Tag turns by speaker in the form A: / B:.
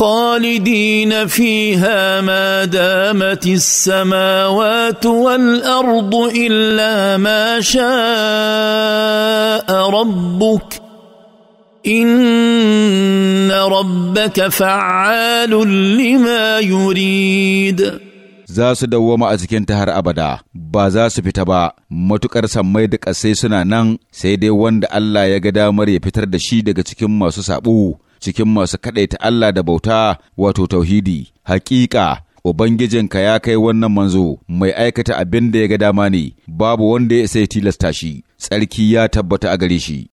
A: خالدين فيها ما دامت السماوات والارض الا ما شاء ربك ان ربك فعال لما يريد
B: za su dawwama a
C: cikinta har abada, ba za su fita ba, matuƙar sammai da ƙasai suna nan sai dai wanda Allah ya ga damar ya fitar da shi daga cikin masu saɓo cikin masu kaɗaita Allah da bauta wato tauhidi hakika Ubangijinka ya kai wannan manzo mai aikata abin da ya ga dama ne, babu wanda ya sai tilasta shi, tsarki ya tabbata
D: a gare shi.